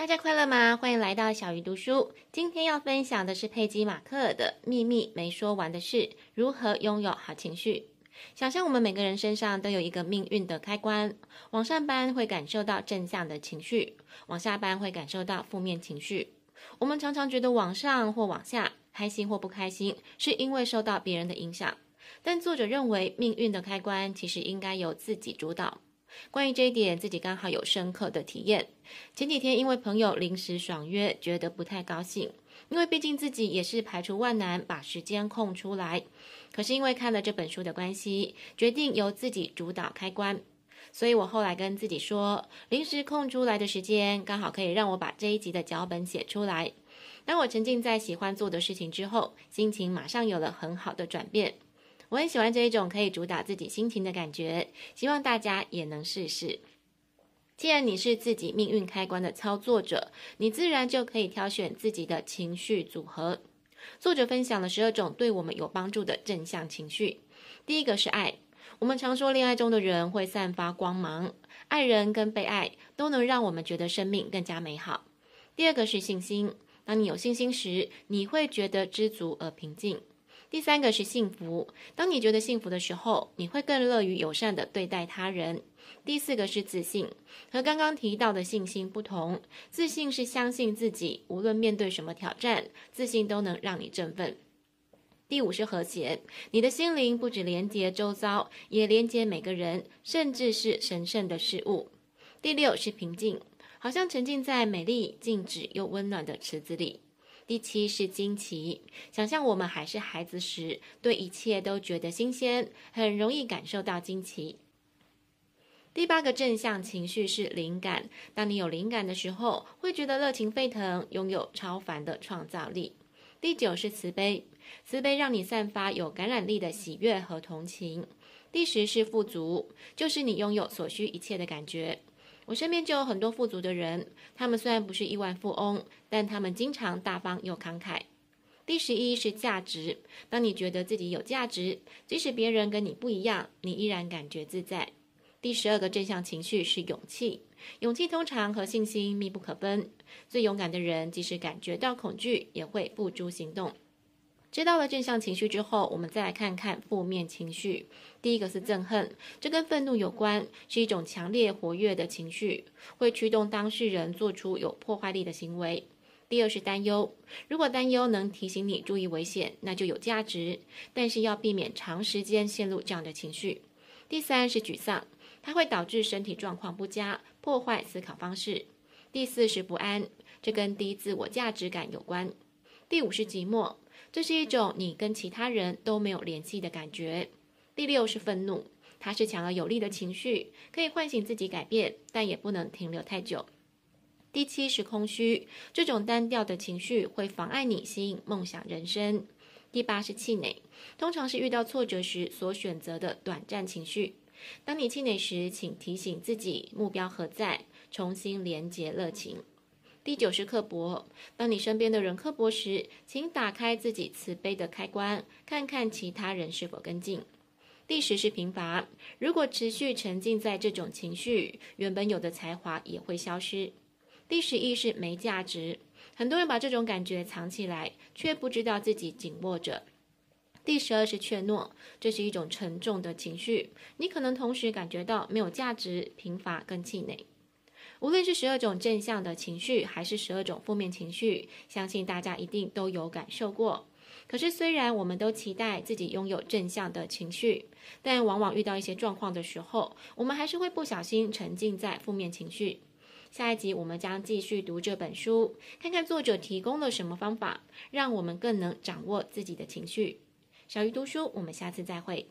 大家快樂嗎？歡迎來到小魚讀書。今天要分享的是佩姬馬克爾的《秘密沒說完的事：如何擁有好情緒》。想象我們每個人身上都有一個命運的開關，往上扳會感受到正向的情緒，往下扳會感受到負面情緒。我們常常覺得往上或往下，開心或不開心，是因為受到別人的影響。但作者認為，命運的開關其實應該由自己主導。關於這一點，自己剛好有深刻的體驗。前幾天因為朋友臨時爽約，覺得不太高興，因為畢竟自己也是排除萬難把時間空出來。可是因為看了這本書的關係，決定由自己主導開關。所以我後來跟自己說，臨時空出來的時間剛好可以讓我把這一集的腳本寫出來。當我沉浸在喜歡做的事情之後，心情馬上有了很好的轉變。我很喜歡這一種可以主導自己心情的感覺，希望大家也能試試。既然，你是自己命運開關的操作者，你自然就可以挑選自己的情緒組合。作者分享了十二種對我們有幫助的正向情緒。第一個是愛，我們常說戀愛中的人會散發光芒，愛人跟被愛都能讓我們覺得生命更加美好。第二個是信心，當你有信心時，你會覺得知足而平靜。第三個是幸福，當你覺得幸福的時候，你會更樂於友善的對待他人。第四個是自信，和剛剛提到的信心不同，自信是相信自己，無論面對什麼挑戰，自信都能讓你振奮。第五是和諧，你的心靈不止連接周遭，也連接每個人，甚至是神聖的事物。第六是平靜，好像沉浸在美麗、靜止又溫暖的池子裡。第七是驚奇，想象我們還是孩子時，對一切都覺得新鮮，很容易感受到驚奇。第八個正向情緒是靈感，當你有靈感的時候，會覺得熱情沸騰，擁有超凡的創造力。第九是慈悲，慈悲讓你散發有感染力的喜悅和同情。第十是富足，就是你擁有所需一切的感覺。我身邊就有很多富足的人，他們雖然不是億萬富翁，但他們經常大方又慷慨。第十一是價值，當你覺得自己有價值，即使別人跟你不一樣，你依然感覺自在。第十二個正向情緒是勇氣，勇氣通常和信心密不可分。最勇敢的人，即使感覺到恐懼，也會付諸行動。知道了正向情緒之後，我們再來看看負面情緒。第一個是憎恨，這跟憤怒有關，是一種強烈活躍的情緒，會驅動當事人做出有破壞力的行為。第二是擔憂，如果擔憂能提醒你注意危險，那就有價值，但是要避免長時間陷入這樣的情緒。第三是沮喪，它會導致身體狀況不佳，破壞思考方式。第四是不安，這跟低自我價值感有關。第五是寂寞。這是一種你跟其他人都沒有聯繫的感覺。第六是憤怒，它是強而有力的情緒，可以喚醒自己改變，但也不能停留太久。第七是空虛，這種單調的情緒會妨礙你吸引夢想人生。第八是氣餒，通常是遇到挫折時所選擇的短暫情緒。當你氣餒時，請提醒自己目標何在，重新連接熱情。第九是刻薄，當你身邊的人刻薄時，請打開自己慈悲的開關，看看其他人是否跟進。第十是貧乏，如果持續沉浸在這種情緒，原本有的才華也會消失。第十一是沒價值，很多人把這種感覺藏起來，卻不知道自己緊握着。第十二是怯懦，這是一種沉重的情緒，你可能同時感覺到沒有價值、貧乏跟氣餒。無論是十二種正向的情緒，還是十二種負面情緒，相信大家一定都有感受過。可是，雖然我們都期待自己擁有正向的情緒，但往往遇到一些狀況的時候，我們還是會不小心沉浸在負面情緒。下一集我們將繼續讀這本書，看看作者提供了什麼方法，讓我們更能掌握自己的情緒。小魚讀書，我們下次再會。